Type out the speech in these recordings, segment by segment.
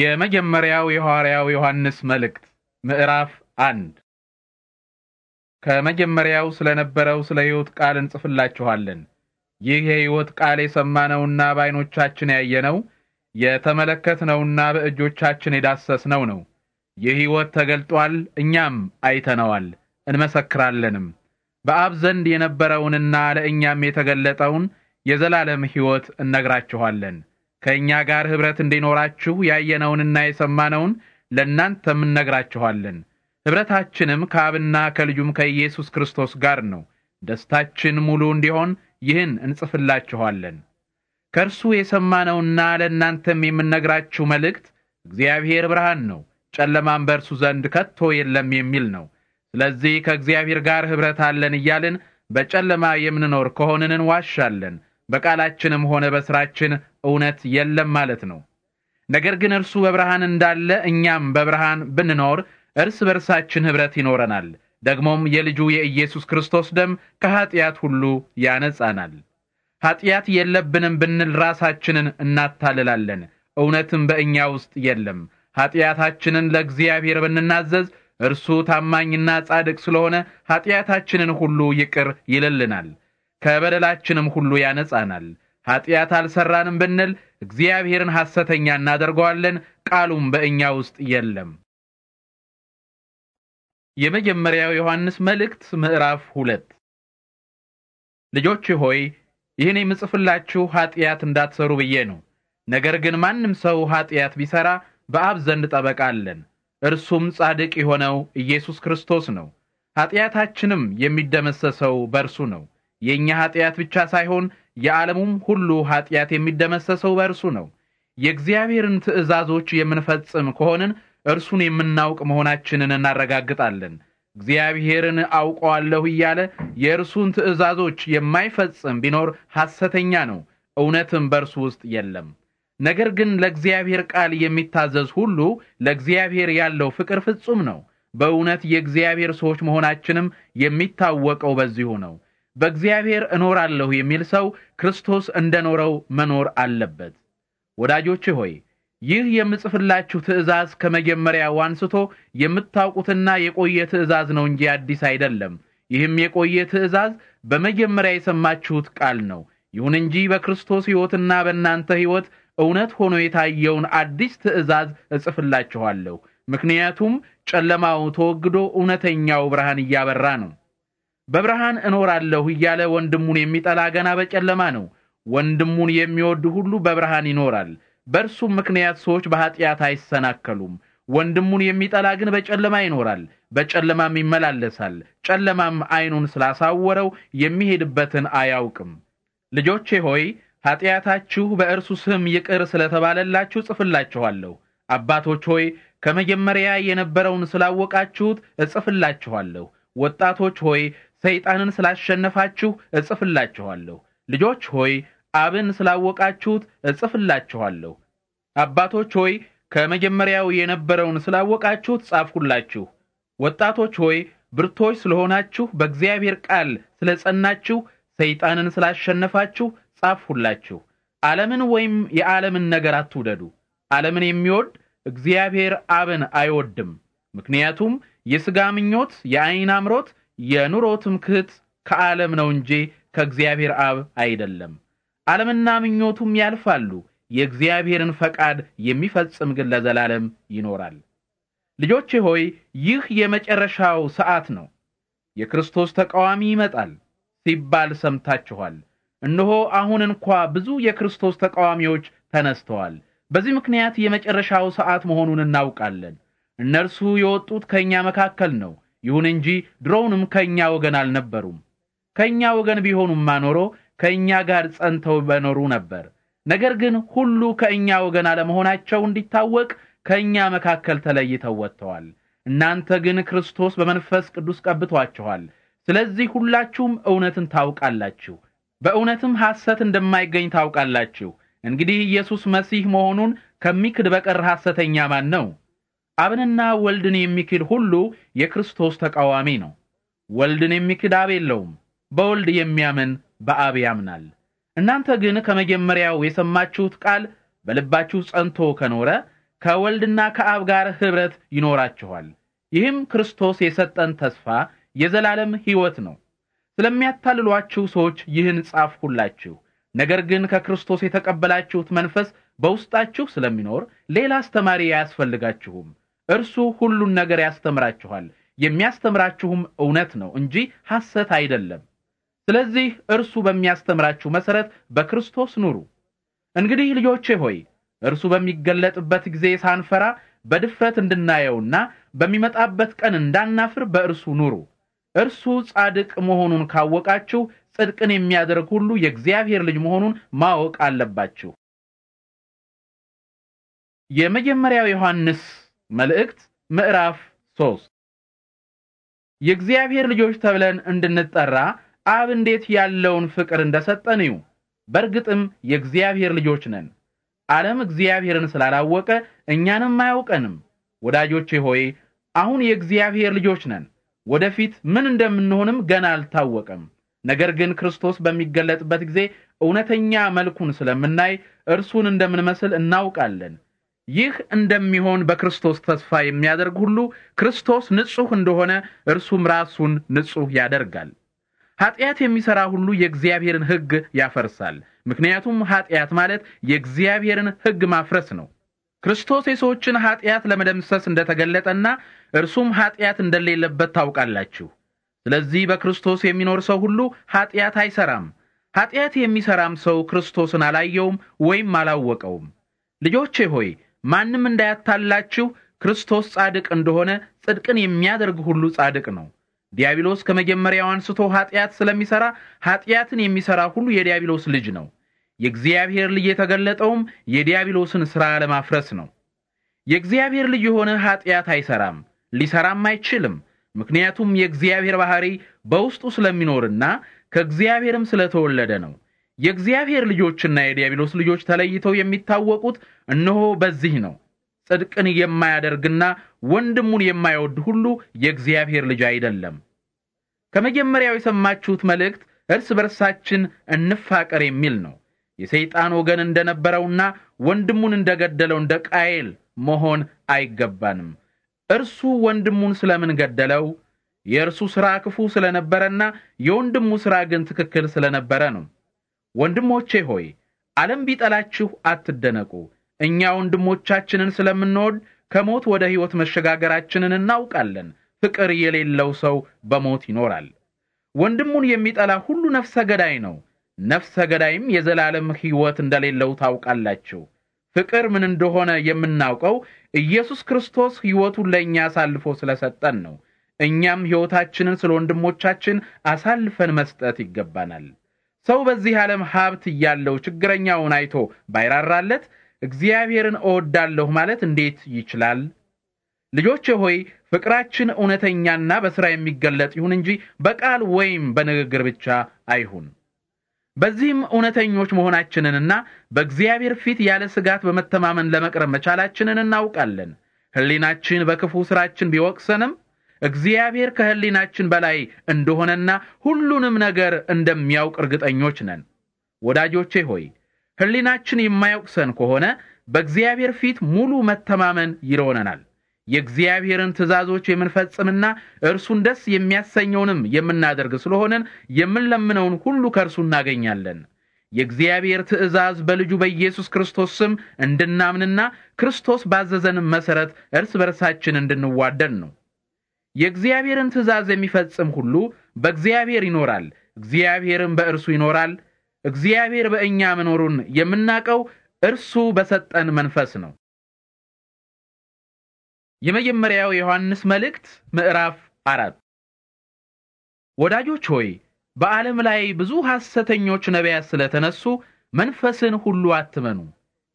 የመጀመሪያው የሐዋርያው ዮሐንስ መልእክት ምዕራፍ አንድ ከመጀመሪያው ስለነበረው ስለ ሕይወት ቃል እንጽፍላችኋለን። ይህ የሕይወት ቃል የሰማነውና በዓይኖቻችን ያየነው የተመለከትነውና በእጆቻችን የዳሰስነው ነው። ይህ ሕይወት ተገልጧል፣ እኛም አይተነዋል እንመሰክራለንም። በአብ ዘንድ የነበረውንና ለእኛም የተገለጠውን የዘላለም ሕይወት እነግራችኋለን። ከእኛ ጋር ኅብረት እንዲኖራችሁ ያየነውንና የሰማነውን ለእናንተም እንነግራችኋለን። ኅብረታችንም ከአብና ከልጁም ከኢየሱስ ክርስቶስ ጋር ነው። ደስታችን ሙሉ እንዲሆን ይህን እንጽፍላችኋለን። ከእርሱ የሰማነውና ለእናንተም የምነግራችሁ መልእክት እግዚአብሔር ብርሃን ነው፣ ጨለማም በእርሱ ዘንድ ከቶ የለም የሚል ነው። ስለዚህ ከእግዚአብሔር ጋር ኅብረት አለን እያልን በጨለማ የምንኖር ከሆንን እንዋሻለን፣ በቃላችንም ሆነ በስራችን እውነት የለም ማለት ነው። ነገር ግን እርሱ በብርሃን እንዳለ እኛም በብርሃን ብንኖር እርስ በርሳችን ኅብረት ይኖረናል። ደግሞም የልጁ የኢየሱስ ክርስቶስ ደም ከኀጢአት ሁሉ ያነጻናል። ኀጢአት የለብንም ብንል ራሳችንን እናታልላለን፣ እውነትም በእኛ ውስጥ የለም። ኀጢአታችንን ለእግዚአብሔር ብንናዘዝ እርሱ ታማኝና ጻድቅ ስለሆነ ኀጢአታችንን ሁሉ ይቅር ይልልናል። ከበደላችንም ሁሉ ያነጻናል። ኃጢአት አልሰራንም ብንል እግዚአብሔርን ሐሰተኛ እናደርገዋለን፣ ቃሉም በእኛ ውስጥ የለም። የመጀመሪያው ዮሐንስ መልእክት ምዕራፍ ሁለት ልጆች ሆይ ይህን የምጽፍላችሁ ኃጢአት እንዳትሰሩ ብዬ ነው። ነገር ግን ማንም ሰው ኃጢአት ቢሰራ በአብ ዘንድ ጠበቃ አለን፣ እርሱም ጻድቅ የሆነው ኢየሱስ ክርስቶስ ነው። ኃጢአታችንም የሚደመሰሰው በእርሱ ነው። የእኛ ኃጢአት ብቻ ሳይሆን የዓለሙም ሁሉ ኃጢአት የሚደመሰሰው በእርሱ ነው። የእግዚአብሔርን ትእዛዞች የምንፈጽም ከሆንን እርሱን የምናውቅ መሆናችንን እናረጋግጣለን። እግዚአብሔርን አውቀዋለሁ እያለ የእርሱን ትእዛዞች የማይፈጽም ቢኖር ሐሰተኛ ነው፣ እውነትም በእርሱ ውስጥ የለም። ነገር ግን ለእግዚአብሔር ቃል የሚታዘዝ ሁሉ ለእግዚአብሔር ያለው ፍቅር ፍጹም ነው። በእውነት የእግዚአብሔር ሰዎች መሆናችንም የሚታወቀው በዚሁ ነው። በእግዚአብሔር እኖራለሁ የሚል ሰው ክርስቶስ እንደኖረው መኖር አለበት። ወዳጆች ሆይ ይህ የምጽፍላችሁ ትእዛዝ ከመጀመሪያው አንስቶ የምታውቁትና የቆየ ትእዛዝ ነው እንጂ አዲስ አይደለም። ይህም የቆየ ትእዛዝ በመጀመሪያ የሰማችሁት ቃል ነው። ይሁን እንጂ በክርስቶስ ሕይወትና በእናንተ ሕይወት እውነት ሆኖ የታየውን አዲስ ትእዛዝ እጽፍላችኋለሁ። ምክንያቱም ጨለማው ተወግዶ እውነተኛው ብርሃን እያበራ ነው። በብርሃን እኖራለሁ እያለ ወንድሙን የሚጠላ ገና በጨለማ ነው። ወንድሙን የሚወድ ሁሉ በብርሃን ይኖራል፣ በእርሱም ምክንያት ሰዎች በኃጢአት አይሰናከሉም። ወንድሙን የሚጠላ ግን በጨለማ ይኖራል፣ በጨለማም ይመላለሳል። ጨለማም አይኑን ስላሳወረው የሚሄድበትን አያውቅም። ልጆቼ ሆይ ኃጢአታችሁ በእርሱ ስም ይቅር ስለተባለላችሁ ጽፍላችኋለሁ አባቶች ሆይ ከመጀመሪያ የነበረውን ስላወቃችሁት እጽፍላችኋለሁ። ወጣቶች ሆይ ሰይጣንን ስላሸነፋችሁ እጽፍላችኋለሁ። ልጆች ሆይ አብን ስላወቃችሁት እጽፍላችኋለሁ። አባቶች ሆይ ከመጀመሪያው የነበረውን ስላወቃችሁት ጻፍሁላችሁ። ወጣቶች ሆይ ብርቶች ስለሆናችሁ በእግዚአብሔር ቃል ስለጸናችሁ ሰይጣንን ስላሸነፋችሁ ጻፍሁላችሁ። ዓለምን ወይም የዓለምን ነገር አትውደዱ። ዓለምን የሚወድ እግዚአብሔር አብን አይወድም። ምክንያቱም የሥጋ ምኞት፣ የዐይን አምሮት፣ የኑሮ ትምክህት ከዓለም ነው እንጂ ከእግዚአብሔር አብ አይደለም። ዓለምና ምኞቱም ያልፋሉ፣ የእግዚአብሔርን ፈቃድ የሚፈጽም ግን ለዘላለም ይኖራል። ልጆቼ ሆይ ይህ የመጨረሻው ሰዓት ነው። የክርስቶስ ተቃዋሚ ይመጣል ሲባል ሰምታችኋል። እነሆ አሁን እንኳ ብዙ የክርስቶስ ተቃዋሚዎች ተነስተዋል። በዚህ ምክንያት የመጨረሻው ሰዓት መሆኑን እናውቃለን። እነርሱ የወጡት ከእኛ መካከል ነው። ይሁን እንጂ ድሮውንም ከእኛ ወገን አልነበሩም። ከእኛ ወገን ቢሆኑማ ኖሮ ከእኛ ጋር ጸንተው በኖሩ ነበር። ነገር ግን ሁሉ ከእኛ ወገን አለመሆናቸው እንዲታወቅ ከእኛ መካከል ተለይተው ወጥተዋል። እናንተ ግን ክርስቶስ በመንፈስ ቅዱስ ቀብቷችኋል። ስለዚህ ሁላችሁም እውነትን ታውቃላችሁ፣ በእውነትም ሐሰት እንደማይገኝ ታውቃላችሁ። እንግዲህ ኢየሱስ መሲህ መሆኑን ከሚክድ በቀር ሐሰተኛ ማን ነው? አብንና ወልድን የሚክድ ሁሉ የክርስቶስ ተቃዋሚ ነው። ወልድን የሚክድ አብ የለውም። በወልድ የሚያምን በአብ ያምናል። እናንተ ግን ከመጀመሪያው የሰማችሁት ቃል በልባችሁ ጸንቶ ከኖረ ከወልድና ከአብ ጋር ኅብረት ይኖራችኋል። ይህም ክርስቶስ የሰጠን ተስፋ የዘላለም ሕይወት ነው። ስለሚያታልሏችሁ ሰዎች ይህን ጻፍሁላችሁ። ነገር ግን ከክርስቶስ የተቀበላችሁት መንፈስ በውስጣችሁ ስለሚኖር ሌላ አስተማሪ አያስፈልጋችሁም። እርሱ ሁሉን ነገር ያስተምራችኋል፣ የሚያስተምራችሁም እውነት ነው እንጂ ሐሰት አይደለም። ስለዚህ እርሱ በሚያስተምራችሁ መሰረት በክርስቶስ ኑሩ። እንግዲህ ልጆቼ ሆይ እርሱ በሚገለጥበት ጊዜ ሳንፈራ በድፍረት እንድናየውና በሚመጣበት ቀን እንዳናፍር በእርሱ ኑሩ። እርሱ ጻድቅ መሆኑን ካወቃችሁ ጽድቅን የሚያደርግ ሁሉ የእግዚአብሔር ልጅ መሆኑን ማወቅ አለባችሁ። የመጀመሪያው ዮሐንስ መልእክት ምዕራፍ 3 የእግዚአብሔር ልጆች ተብለን እንድንጠራ አብ እንዴት ያለውን ፍቅር እንደሰጠን እዩ። በእርግጥም የእግዚአብሔር ልጆች ነን። ዓለም እግዚአብሔርን ስላላወቀ እኛንም አያውቀንም። ወዳጆቼ ሆይ አሁን የእግዚአብሔር ልጆች ነን። ወደፊት ምን እንደምንሆንም ገና አልታወቀም። ነገር ግን ክርስቶስ በሚገለጥበት ጊዜ እውነተኛ መልኩን ስለምናይ እርሱን እንደምንመስል እናውቃለን። ይህ እንደሚሆን በክርስቶስ ተስፋ የሚያደርግ ሁሉ ክርስቶስ ንጹሕ እንደሆነ እርሱም ራሱን ንጹሕ ያደርጋል። ኃጢአት የሚሠራ ሁሉ የእግዚአብሔርን ሕግ ያፈርሳል። ምክንያቱም ኃጢአት ማለት የእግዚአብሔርን ሕግ ማፍረስ ነው። ክርስቶስ የሰዎችን ኃጢአት ለመደምሰስ እንደተገለጠና እርሱም ኃጢአት እንደሌለበት ታውቃላችሁ። ስለዚህ በክርስቶስ የሚኖር ሰው ሁሉ ኃጢአት አይሠራም። ኃጢአት የሚሠራም ሰው ክርስቶስን አላየውም ወይም አላወቀውም። ልጆቼ ሆይ ማንም እንዳያታላችሁ ክርስቶስ ጻድቅ እንደሆነ ጽድቅን የሚያደርግ ሁሉ ጻድቅ ነው። ዲያብሎስ ከመጀመሪያው አንስቶ ኃጢአት ስለሚሰራ ኃጢአትን የሚሰራ ሁሉ የዲያብሎስ ልጅ ነው። የእግዚአብሔር ልጅ የተገለጠውም የዲያብሎስን ሥራ ለማፍረስ ነው። የእግዚአብሔር ልጅ የሆነ ኃጢአት አይሰራም፣ ሊሰራም አይችልም። ምክንያቱም የእግዚአብሔር ባሕሪ በውስጡ ስለሚኖርና ከእግዚአብሔርም ስለተወለደ ነው። የእግዚአብሔር ልጆችና የዲያብሎስ ልጆች ተለይተው የሚታወቁት እነሆ በዚህ ነው። ጽድቅን የማያደርግና ወንድሙን የማይወድ ሁሉ የእግዚአብሔር ልጅ አይደለም። ከመጀመሪያው የሰማችሁት መልእክት እርስ በርሳችን እንፋቀር የሚል ነው። የሰይጣን ወገን እንደነበረውና ወንድሙን እንደገደለው እንደ ቃየል መሆን አይገባንም። እርሱ ወንድሙን ስለምን ገደለው? የእርሱ ሥራ ክፉ ስለነበረና የወንድሙ ሥራ ግን ትክክል ስለነበረ ነው። ወንድሞቼ ሆይ ዓለም ቢጠላችሁ አትደነቁ። እኛ ወንድሞቻችንን ስለምንወድ ከሞት ወደ ሕይወት መሸጋገራችንን እናውቃለን። ፍቅር የሌለው ሰው በሞት ይኖራል። ወንድሙን የሚጠላ ሁሉ ነፍሰ ገዳይ ነው። ነፍሰ ገዳይም የዘላለም ሕይወት እንደሌለው ታውቃላችሁ። ፍቅር ምን እንደሆነ የምናውቀው ኢየሱስ ክርስቶስ ሕይወቱን ለእኛ አሳልፎ ስለሰጠን ነው። እኛም ሕይወታችንን ስለ ወንድሞቻችን አሳልፈን መስጠት ይገባናል። ሰው በዚህ ዓለም ሀብት እያለው ችግረኛውን አይቶ ባይራራለት እግዚአብሔርን እወዳለሁ ማለት እንዴት ይችላል? ልጆቼ ሆይ ፍቅራችን እውነተኛና በሥራ የሚገለጥ ይሁን እንጂ በቃል ወይም በንግግር ብቻ አይሁን። በዚህም እውነተኞች መሆናችንንና በእግዚአብሔር ፊት ያለ ስጋት በመተማመን ለመቅረብ መቻላችንን እናውቃለን። ሕሊናችን በክፉ ሥራችን ቢወቅሰንም እግዚአብሔር ከህሊናችን በላይ እንደሆነና ሁሉንም ነገር እንደሚያውቅ እርግጠኞች ነን። ወዳጆቼ ሆይ ህሊናችን የማያውቅሰን ከሆነ በእግዚአብሔር ፊት ሙሉ መተማመን ይኖረናል። የእግዚአብሔርን ትእዛዞች የምንፈጽምና እርሱን ደስ የሚያሰኘውንም የምናደርግ ስለሆንን የምንለምነውን ሁሉ ከእርሱ እናገኛለን። የእግዚአብሔር ትእዛዝ በልጁ በኢየሱስ ክርስቶስ ስም እንድናምንና ክርስቶስ ባዘዘንም መሠረት እርስ በርሳችን እንድንዋደድ ነው። የእግዚአብሔርን ትእዛዝ የሚፈጽም ሁሉ በእግዚአብሔር ይኖራል፣ እግዚአብሔርም በእርሱ ይኖራል። እግዚአብሔር በእኛ መኖሩን የምናቀው እርሱ በሰጠን መንፈስ ነው። የመጀመሪያው የዮሐንስ መልእክት ምዕራፍ አራት ወዳጆች ሆይ በዓለም ላይ ብዙ ሐሰተኞች ነቢያት ስለተነሱ መንፈስን ሁሉ አትመኑ።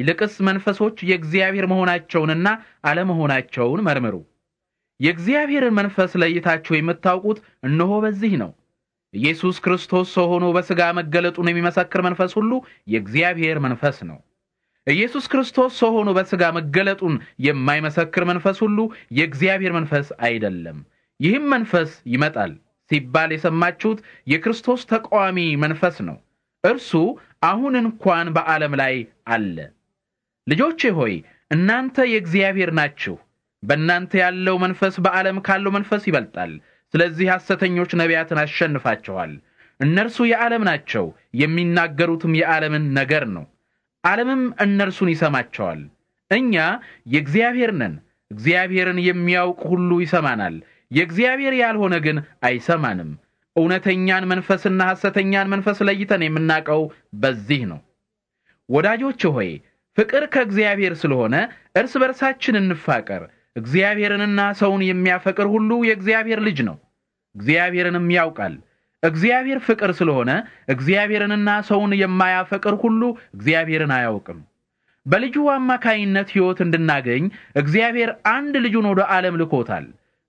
ይልቅስ መንፈሶች የእግዚአብሔር መሆናቸውንና አለመሆናቸውን መርምሩ። የእግዚአብሔርን መንፈስ ለይታችሁ የምታውቁት እነሆ በዚህ ነው። ኢየሱስ ክርስቶስ ሰው ሆኖ በሥጋ መገለጡን የሚመሰክር መንፈስ ሁሉ የእግዚአብሔር መንፈስ ነው። ኢየሱስ ክርስቶስ ሰው ሆኖ በሥጋ መገለጡን የማይመሰክር መንፈስ ሁሉ የእግዚአብሔር መንፈስ አይደለም። ይህም መንፈስ ይመጣል ሲባል የሰማችሁት የክርስቶስ ተቃዋሚ መንፈስ ነው። እርሱ አሁን እንኳን በዓለም ላይ አለ። ልጆቼ ሆይ እናንተ የእግዚአብሔር ናችሁ። በእናንተ ያለው መንፈስ በዓለም ካለው መንፈስ ይበልጣል። ስለዚህ ሐሰተኞች ነቢያትን አሸንፋቸዋል። እነርሱ የዓለም ናቸው፣ የሚናገሩትም የዓለምን ነገር ነው። ዓለምም እነርሱን ይሰማቸዋል። እኛ የእግዚአብሔር ነን፣ እግዚአብሔርን የሚያውቅ ሁሉ ይሰማናል። የእግዚአብሔር ያልሆነ ግን አይሰማንም። እውነተኛን መንፈስና ሐሰተኛን መንፈስ ለይተን የምናውቀው በዚህ ነው። ወዳጆች ሆይ ፍቅር ከእግዚአብሔር ስለሆነ እርስ በርሳችን እንፋቀር። እግዚአብሔርንና ሰውን የሚያፈቅር ሁሉ የእግዚአብሔር ልጅ ነው፣ እግዚአብሔርንም ያውቃል። እግዚአብሔር ፍቅር ስለሆነ እግዚአብሔርንና ሰውን የማያፈቅር ሁሉ እግዚአብሔርን አያውቅም። በልጁ አማካይነት ሕይወት እንድናገኝ እግዚአብሔር አንድ ልጁን ወደ ዓለም ልኮታል።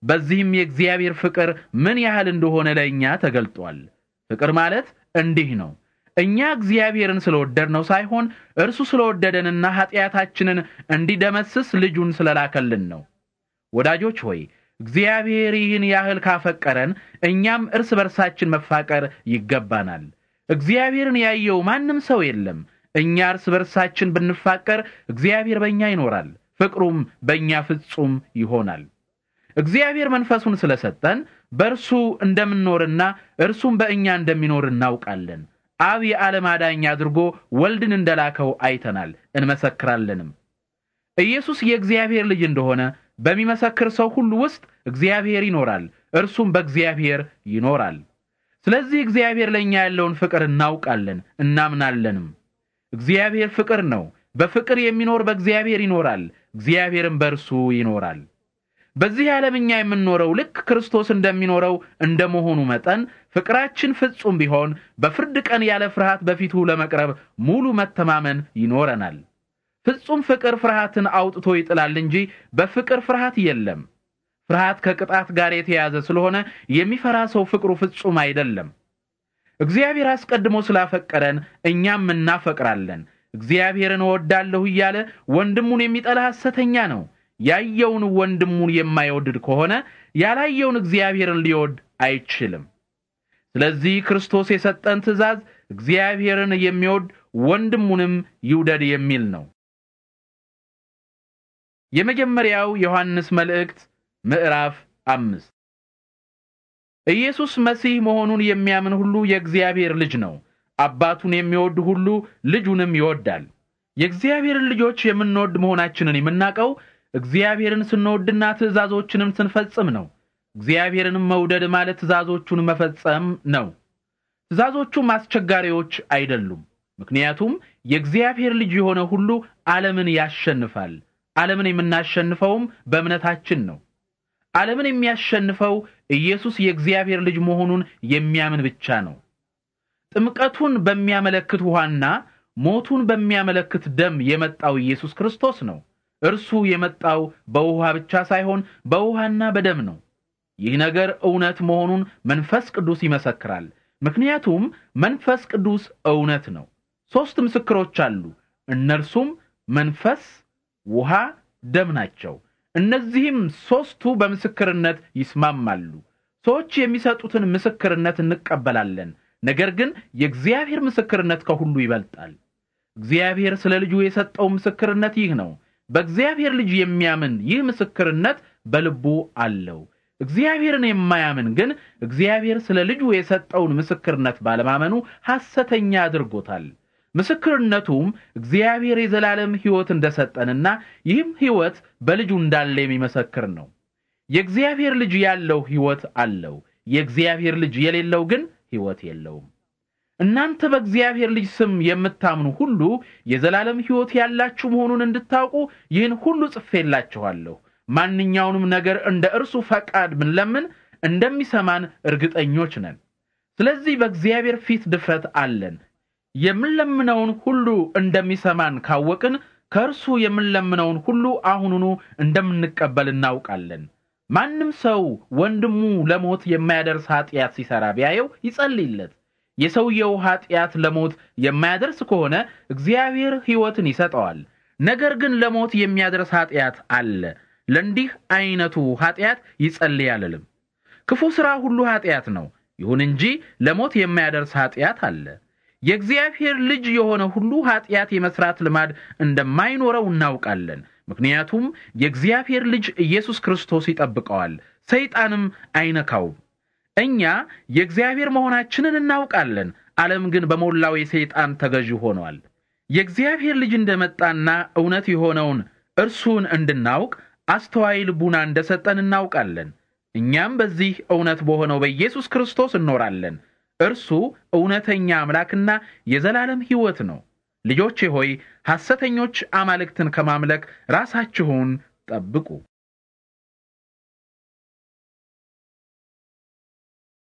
በዚህም የእግዚአብሔር ፍቅር ምን ያህል እንደሆነ ለእኛ ተገልጧል። ፍቅር ማለት እንዲህ ነው። እኛ እግዚአብሔርን ስለወደድነው ሳይሆን እርሱ ስለወደደንና ኃጢአታችንን እንዲደመስስ ልጁን ስለላከልን ነው። ወዳጆች ሆይ እግዚአብሔር ይህን ያህል ካፈቀረን እኛም እርስ በርሳችን መፋቀር ይገባናል። እግዚአብሔርን ያየው ማንም ሰው የለም። እኛ እርስ በርሳችን ብንፋቀር እግዚአብሔር በእኛ ይኖራል፣ ፍቅሩም በእኛ ፍጹም ይሆናል። እግዚአብሔር መንፈሱን ስለሰጠን በእርሱ እንደምንኖርና እርሱም በእኛ እንደሚኖር እናውቃለን። አብ የዓለም አዳኝ አድርጎ ወልድን እንደላከው አይተናል፣ እንመሰክራለንም። ኢየሱስ የእግዚአብሔር ልጅ እንደሆነ በሚመሰክር ሰው ሁሉ ውስጥ እግዚአብሔር ይኖራል፣ እርሱም በእግዚአብሔር ይኖራል። ስለዚህ እግዚአብሔር ለእኛ ያለውን ፍቅር እናውቃለን እናምናለንም። እግዚአብሔር ፍቅር ነው። በፍቅር የሚኖር በእግዚአብሔር ይኖራል፣ እግዚአብሔርም በእርሱ ይኖራል። በዚህ ዓለም እኛ የምንኖረው ልክ ክርስቶስ እንደሚኖረው እንደመሆኑ መጠን ፍቅራችን ፍጹም ቢሆን በፍርድ ቀን ያለ ፍርሃት በፊቱ ለመቅረብ ሙሉ መተማመን ይኖረናል። ፍጹም ፍቅር ፍርሃትን አውጥቶ ይጥላል እንጂ በፍቅር ፍርሃት የለም። ፍርሃት ከቅጣት ጋር የተያያዘ ስለሆነ የሚፈራ ሰው ፍቅሩ ፍጹም አይደለም። እግዚአብሔር አስቀድሞ ስላፈቀረን እኛም እናፈቅራለን። እግዚአብሔርን እወዳለሁ እያለ ወንድሙን የሚጠላ ሐሰተኛ ነው። ያየውን ወንድሙን የማይወድድ ከሆነ ያላየውን እግዚአብሔርን ሊወድ አይችልም። ስለዚህ ክርስቶስ የሰጠን ትእዛዝ እግዚአብሔርን የሚወድ ወንድሙንም ይውደድ የሚል ነው። የመጀመሪያው ዮሐንስ መልእክት ምዕራፍ አምስት ኢየሱስ መሲህ መሆኑን የሚያምን ሁሉ የእግዚአብሔር ልጅ ነው። አባቱን የሚወድ ሁሉ ልጁንም ይወዳል። የእግዚአብሔርን ልጆች የምንወድ መሆናችንን የምናውቀው እግዚአብሔርን ስንወድና ትእዛዞችንም ስንፈጽም ነው። እግዚአብሔርንም መውደድ ማለት ትእዛዞቹን መፈጸም ነው። ትእዛዞቹም አስቸጋሪዎች አይደሉም፣ ምክንያቱም የእግዚአብሔር ልጅ የሆነ ሁሉ ዓለምን ያሸንፋል። ዓለምን የምናሸንፈውም በእምነታችን ነው። ዓለምን የሚያሸንፈው ኢየሱስ የእግዚአብሔር ልጅ መሆኑን የሚያምን ብቻ ነው። ጥምቀቱን በሚያመለክት ውሃና ሞቱን በሚያመለክት ደም የመጣው ኢየሱስ ክርስቶስ ነው። እርሱ የመጣው በውሃ ብቻ ሳይሆን በውሃና በደም ነው። ይህ ነገር እውነት መሆኑን መንፈስ ቅዱስ ይመሰክራል። ምክንያቱም መንፈስ ቅዱስ እውነት ነው። ሦስት ምስክሮች አሉ። እነርሱም መንፈስ ውሃ፣ ደም ናቸው። እነዚህም ሦስቱ በምስክርነት ይስማማሉ። ሰዎች የሚሰጡትን ምስክርነት እንቀበላለን፣ ነገር ግን የእግዚአብሔር ምስክርነት ከሁሉ ይበልጣል። እግዚአብሔር ስለ ልጁ የሰጠው ምስክርነት ይህ ነው። በእግዚአብሔር ልጅ የሚያምን ይህ ምስክርነት በልቡ አለው። እግዚአብሔርን የማያምን ግን እግዚአብሔር ስለ ልጁ የሰጠውን ምስክርነት ባለማመኑ ሐሰተኛ አድርጎታል። ምስክርነቱም እግዚአብሔር የዘላለም ሕይወት እንደሰጠንና ይህም ሕይወት በልጁ እንዳለ የሚመሰክር ነው። የእግዚአብሔር ልጅ ያለው ሕይወት አለው፣ የእግዚአብሔር ልጅ የሌለው ግን ሕይወት የለውም። እናንተ በእግዚአብሔር ልጅ ስም የምታምኑ ሁሉ የዘላለም ሕይወት ያላችሁ መሆኑን እንድታውቁ ይህን ሁሉ ጽፌላችኋለሁ። ማንኛውንም ነገር እንደ እርሱ ፈቃድ ብንለምን እንደሚሰማን እርግጠኞች ነን። ስለዚህ በእግዚአብሔር ፊት ድፍረት አለን፣ የምንለምነውን ሁሉ እንደሚሰማን ካወቅን ከእርሱ የምንለምነውን ሁሉ አሁኑኑ እንደምንቀበል እናውቃለን። ማንም ሰው ወንድሙ ለሞት የማያደርስ ኃጢአት ሲሰራ ቢያየው ይጸልይለት። የሰውየው ኃጢአት ለሞት የማያደርስ ከሆነ እግዚአብሔር ሕይወትን ይሰጠዋል። ነገር ግን ለሞት የሚያደርስ ኃጢአት አለ። ለእንዲህ አይነቱ ኃጢአት ይጸልይ አልልም። ክፉ ሥራ ሁሉ ኃጢአት ነው። ይሁን እንጂ ለሞት የማያደርስ ኃጢአት አለ። የእግዚአብሔር ልጅ የሆነ ሁሉ ኃጢአት የመስራት ልማድ እንደማይኖረው እናውቃለን። ምክንያቱም የእግዚአብሔር ልጅ ኢየሱስ ክርስቶስ ይጠብቀዋል፣ ሰይጣንም አይነካውም። እኛ የእግዚአብሔር መሆናችንን እናውቃለን። ዓለም ግን በሞላው የሰይጣን ተገዥ ሆኗል። የእግዚአብሔር ልጅ እንደመጣና እውነት የሆነውን እርሱን እንድናውቅ አስተዋይ ልቡና እንደሰጠን እናውቃለን። እኛም በዚህ እውነት በሆነው በኢየሱስ ክርስቶስ እኖራለን። እርሱ እውነተኛ አምላክና የዘላለም ሕይወት ነው። ልጆቼ ሆይ ሐሰተኞች አማልክትን ከማምለክ ራሳችሁን ጠብቁ።